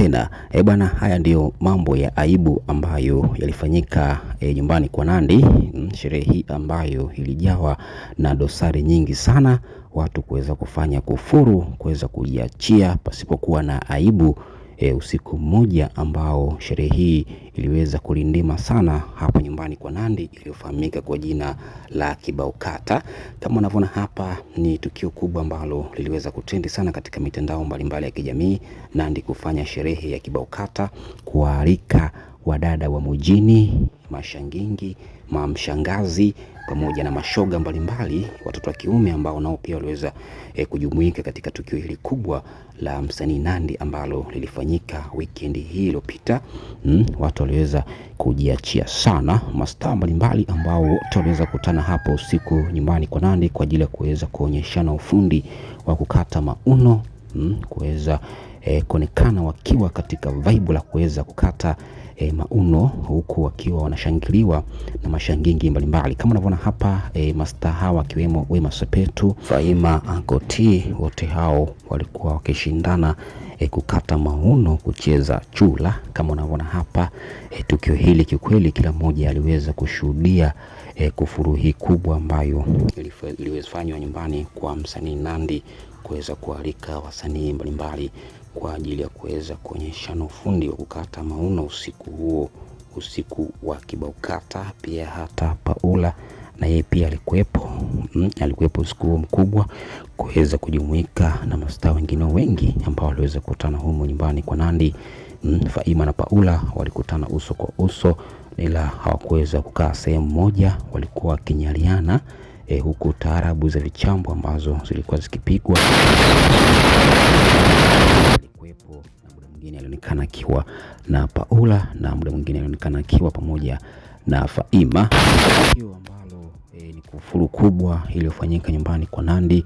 tena. E bwana, haya ndiyo mambo ya aibu ambayo yalifanyika e, nyumbani kwa Nandy. Sherehe hii ambayo ilijawa na dosari nyingi sana, watu kuweza kufanya kufuru, kuweza kujiachia pasipokuwa na aibu e, usiku mmoja ambao sherehe hii iliweza kulindima sana hapa nyumbani kwa Nandi iliyofahamika kwa jina la Kibaukata. Kama unavyoona hapa, ni tukio kubwa ambalo liliweza kutendi sana katika mitandao mbalimbali mbali ya kijamii, Nandi kufanya sherehe ya Kibaukata kualika wadada wa mujini mashangingi, mamshangazi pamoja na mashoga mbalimbali, watoto wa kiume ambao nao pia waliweza eh, kujumuika katika tukio hili kubwa la msanii Nandy ambalo lilifanyika weekend hii iliyopita. Mm, watu waliweza kujiachia sana, mastaa mbalimbali ambao wote waliweza kukutana hapo usiku nyumbani kwa Nandy kwa ajili ya kuweza kuonyeshana ufundi wa kukata mauno, mm, kuweza eh, kuonekana wakiwa katika vibe la kuweza kukata e, Mauno huku wakiwa wanashangiliwa na mashangingi mbalimbali kama unavyoona hapa e, eh, mastaa hawa akiwemo Wema Sepetu, Faima Angoti, wote hao walikuwa wakishindana e, kukata mauno kucheza chula kama unavyoona hapa e, tukio hili kikweli, kila mmoja aliweza kushuhudia e, kufuruhi kubwa ambayo ilifanywa nyumbani kwa msanii Nandy kuweza kualika wasanii mbalimbali kwa ajili ya kuweza kuonyeshana ufundi wa kukata mauno usiku huo, usiku wa kibaukata. Pia hata Paula na yeye pia alikuwepo, mm, alikuwepo usiku huo mkubwa kuweza kujumuika na mastaa wengine wengi ambao waliweza kukutana humo nyumbani kwa nandi Mm, Faima na Paula walikutana uso kwa uso, ila hawakuweza kukaa sehemu moja, walikuwa wakinyaliana eh, huku taarabu za vichambo ambazo zilikuwa zikipigwa mwingine alionekana akiwa na Paula na muda mwingine alionekana akiwa pamoja na Faima. Tukio ambalo e, ni kufuru kubwa iliyofanyika nyumbani kwa Nandy.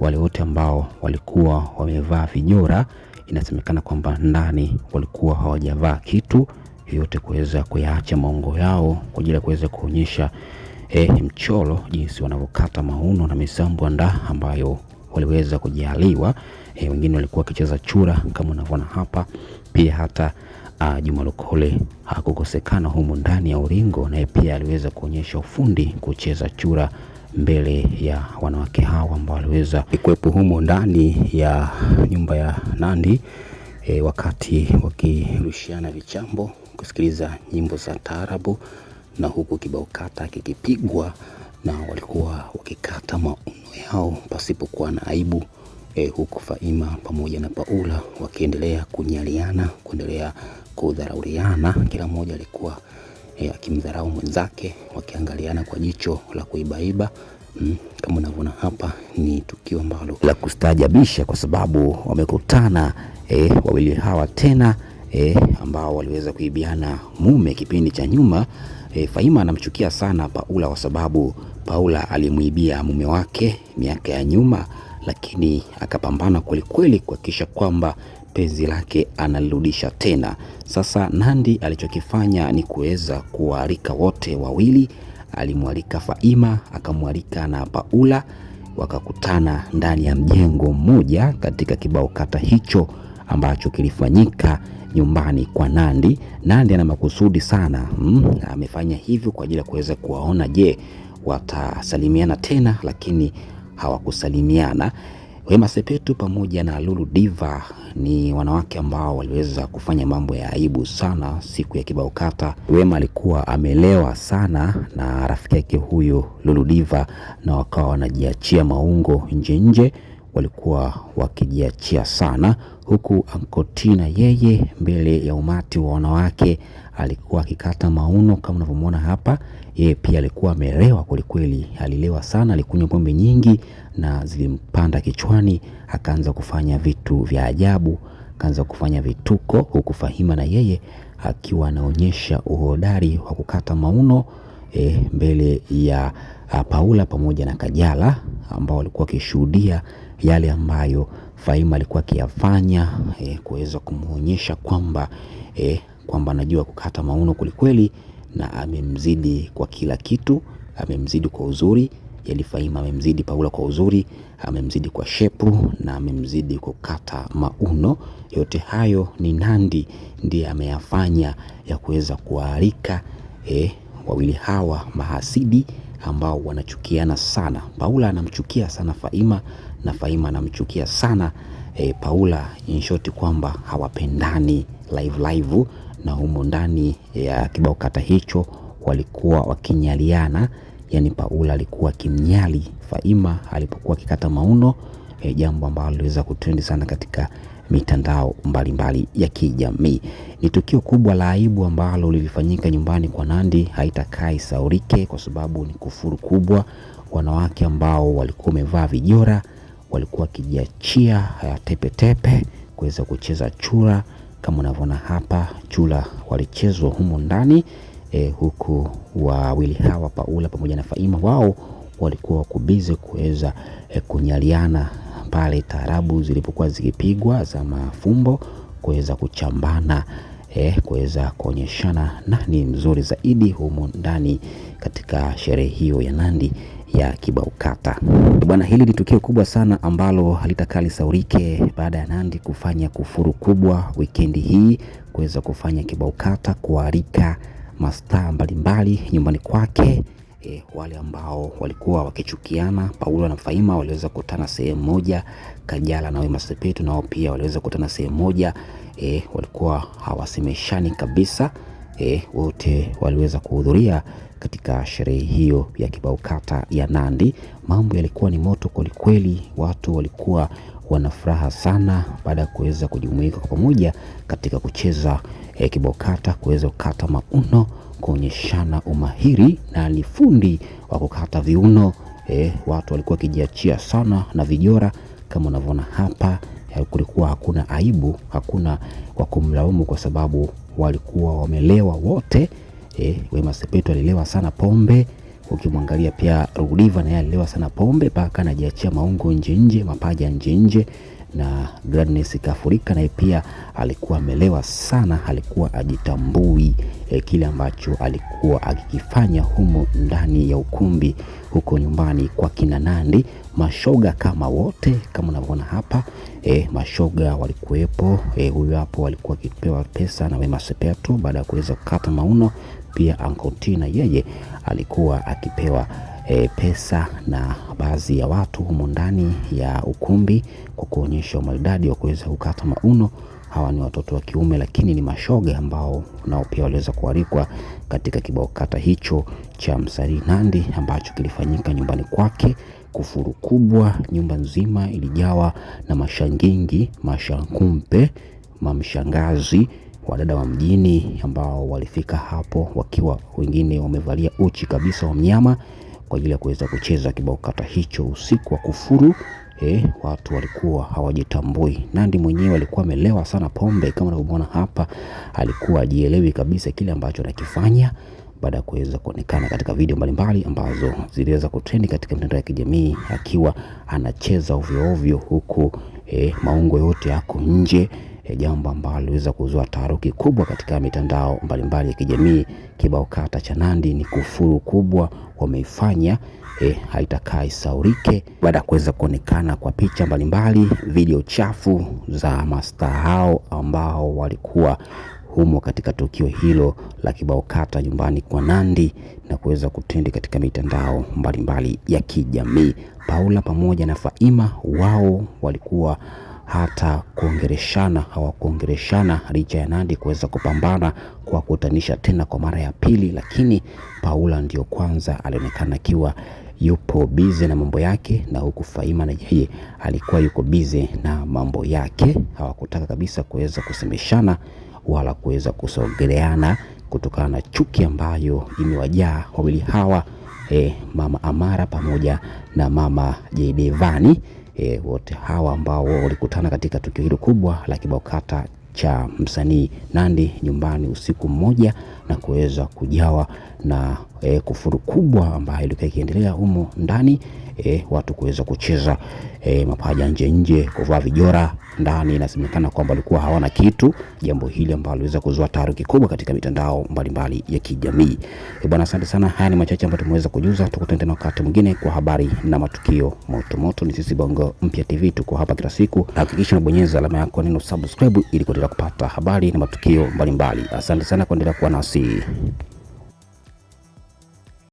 Wale wote ambao walikuwa wamevaa vijora, inasemekana kwamba ndani walikuwa hawajavaa kitu yote kuweza kuyaacha maungo yao kwa ajili ya kuweza kuonyesha e, eh, mcholo jinsi wanavyokata mauno na misambo ambayo waliweza kujaliwa e, wengine walikuwa wakicheza chura kama unavyoona hapa. Pia hata uh, Juma Lokole hakukosekana humu ndani ya ulingo, naye pia aliweza kuonyesha ufundi kucheza chura mbele ya wanawake hawa ambao waliweza kuwepo humo ndani ya nyumba ya Nandi e, wakati wakirushiana vichambo kusikiliza nyimbo za taarabu na huku kibao kata kikipigwa na walikuwa wakikata mauno yao pasipokuwa na aibu e, huku Faima pamoja na Paula wakiendelea kunyaliana, kuendelea kudharauliana, kila mmoja alikuwa e, akimdharau mwenzake, wakiangaliana kwa jicho la kuibaiba. Mm, kama unavyoona hapa ni tukio ambalo la kustaajabisha kwa sababu wamekutana e, wawili hawa tena e, ambao waliweza kuibiana mume kipindi cha nyuma. E, Faima anamchukia sana Paula kwa sababu Paula alimwibia mume wake miaka ya nyuma lakini akapambana kwelikweli kuhakikisha kwamba penzi lake analirudisha tena. Sasa nandi alichokifanya ni kuweza kuwaalika wote wawili, alimwalika Faima akamwalika na Paula, wakakutana ndani ya mjengo mmoja katika kibao kata hicho ambacho kilifanyika nyumbani kwa nandi Nandi ana makusudi sana hmm, amefanya hivyo kwa ajili ya kuweza kuwaona, je, watasalimiana tena, lakini hawakusalimiana. Wema Sepetu pamoja na Lulu Diva ni wanawake ambao waliweza kufanya mambo ya aibu sana siku ya kibao kata. Wema alikuwa amelewa sana na rafiki yake huyu Lulu Diva, na wakawa wanajiachia maungo nje nje, walikuwa wakijiachia sana, huku Ankotina yeye mbele ya umati wa wanawake alikuwa akikata mauno kama unavyomwona hapa. Yeye pia alikuwa amelewa kwelikweli, alilewa sana, alikunywa pombe nyingi na zilimpanda kichwani, akaanza kufanya vitu vya ajabu, akaanza kufanya vituko, huku Fahima na yeye akiwa anaonyesha uhodari wa kukata mauno e, mbele ya ah, Paula pamoja na Kajala ambao walikuwa wakishuhudia yale ambayo Fahima alikuwa akiyafanya, e, kuweza kumwonyesha kwamba e, kwamba anajua kukata mauno kwelikweli, na amemzidi kwa kila kitu, amemzidi kwa uzuri. Eli amemzidi Paula kwa uzuri, amemzidi kwa shepu na amemzidi kukata mauno. Yote hayo ni Nandi ndiye ameyafanya ya kuweza kuwaalika eh, wawili hawa mahasidi ambao wanachukiana sana. Paula anamchukia sana Fahima na Fahima anamchukia sana eh, Paula. Inshoti kwamba hawapendani live live na humo ndani ya kibao kata hicho walikuwa wakinyaliana, yani Paula alikuwa akimnyali Faima alipokuwa akikata mauno e, jambo ambalo liliweza kutrendi sana katika mitandao mbalimbali mbali ya kijamii. Ni tukio kubwa la aibu ambalo lilifanyika nyumbani kwa Nandy, haitakaa isaurike kwa sababu ni kufuru kubwa. Wanawake ambao walikuwa wamevaa vijora walikuwa wakijiachia tepetepe eh, kuweza kucheza chura kama unavyoona hapa, chula walichezwa humo ndani e, huku wawili hawa Paula pamoja na Faima wao walikuwa kubize kuweza e, kunyaliana pale taarabu zilipokuwa zikipigwa za mafumbo kuweza kuchambana e, kuweza kuonyeshana nani mzuri zaidi humo ndani katika sherehe hiyo ya Nandi ya Kibaukata. Bwana, hili ni tukio kubwa sana ambalo halitakaa lisaurike baada ya Nandi kufanya kufuru kubwa wikendi hii kuweza kufanya Kibaukata, kualika mastaa mbalimbali nyumbani kwake. E, wale ambao walikuwa wakichukiana Paulo na Faima waliweza kutana sehemu moja. Kajala na Wema Sepetu nao pia waliweza kutana sehemu moja. E, walikuwa hawasemeshani kabisa eh, wote waliweza kuhudhuria katika sherehe hiyo ya kibao kata ya Nandi. Mambo yalikuwa ni moto kwelikweli, watu walikuwa wana furaha sana baada ya kuweza kujumuika kwa pamoja katika kucheza eh, kibao kata, kuweza kukata mauno, kuonyeshana umahiri na ni fundi wa kukata viuno eh, watu walikuwa wakijiachia sana na vijora kama unavyoona hapa. Eh, kulikuwa hakuna aibu, hakuna wa kumlaumu kwa sababu walikuwa wamelewa wote. E, Wema Sepetu alilewa sana pombe. Ukimwangalia pia Rudiva naye alilewa sana pombe mpaka anajiachia maungo nje nje, mapaja nje nje, na Gladness kafurika naye pia alikuwa amelewa sana, alikuwa ajitambui eh, kile ambacho alikuwa akikifanya humo ndani ya ukumbi huko nyumbani kwa kina Nandi, mashoga kama wote kama unavyoona hapa E, mashoga walikuwepo. E, huyu hapo alikuwa akipewa pesa na Wema Sepetu baada ya kuweza kukata mauno. Pia Anko T na yeye alikuwa akipewa e, pesa na baadhi ya watu humo ndani ya ukumbi kwa kuonyesha umaridadi wa kuweza kukata mauno. Hawa ni watoto wa kiume lakini ni mashoga ambao nao pia waliweza kualikwa katika kibao kata hicho cha Msanii Nandy ambacho kilifanyika nyumbani kwake kufuru kubwa, nyumba nzima ilijawa na mashangingi, mashankumpe, mamshangazi, wadada wa mjini ambao walifika hapo wakiwa wengine wamevalia uchi kabisa wa mnyama kwa ajili ya kuweza kucheza kibao kata hicho usiku wa kufuru. He, watu walikuwa hawajitambui. Nandi mwenyewe alikuwa amelewa sana pombe, kama unavyomwona hapa, alikuwa ajielewi kabisa kile ambacho anakifanya baada ya kuweza kuonekana katika video mbalimbali ambazo ziliweza kutrendi katika mitandao ya kijamii akiwa anacheza ovyo ovyo huku e, maungo yote yako nje e, jambo ambalo liliweza kuzua taharuki kubwa katika mitandao mbalimbali ya kijamii. Kibao kata cha Nandy ni kufuru kubwa wameifanya, e, eh, haitakaa isaurike, baada ya kuweza kuonekana kwa picha mbalimbali, video chafu za mastaa hao ambao walikuwa humo katika tukio hilo la kibao kata nyumbani kwa nandi na kuweza kutendi katika mitandao mbalimbali mbali ya kijamii. Paula pamoja na Faima wao walikuwa hata kuongereshana hawakuongereshana licha ya nandi kuweza kupambana kwa kutanisha tena kwa mara ya pili, lakini Paula ndiyo kwanza alionekana akiwa yupo bize na mambo yake, na huku Faima na yeye alikuwa yuko bize na mambo yake. Hawakutaka kabisa kuweza kusemeshana wala kuweza kusogeleana kutokana na chuki ambayo imewajaa wawili hawa e, mama Amara pamoja na mama Jedevani e, eh, wote hawa ambao walikutana katika tukio hilo kubwa la kibaokata cha msanii Nandy nyumbani usiku mmoja na kuweza kujawa na e, kufuru kubwa ambayo ilikuwa ikiendelea humo ndani e, watu kuweza kucheza e, mapaja nje nje, kuvaa vijora ndani. Inasemekana kwamba walikuwa hawana kitu, jambo hili ambalo liweza kuzua taharuki kubwa katika mitandao mbalimbali mbali ya kijamii. E, bwana, asante sana. Haya ni machache ambayo tumeweza kujuza. Tukutane tena wakati mwingine kwa habari na matukio moto moto. Ni sisi Bongo Mpya TV, tuko hapa kila siku. Hakikisha unabonyeza alama yako neno subscribe ili kuendelea kupata habari na matukio mbalimbali mbali. Asante sana kuendelea kuwa nasi.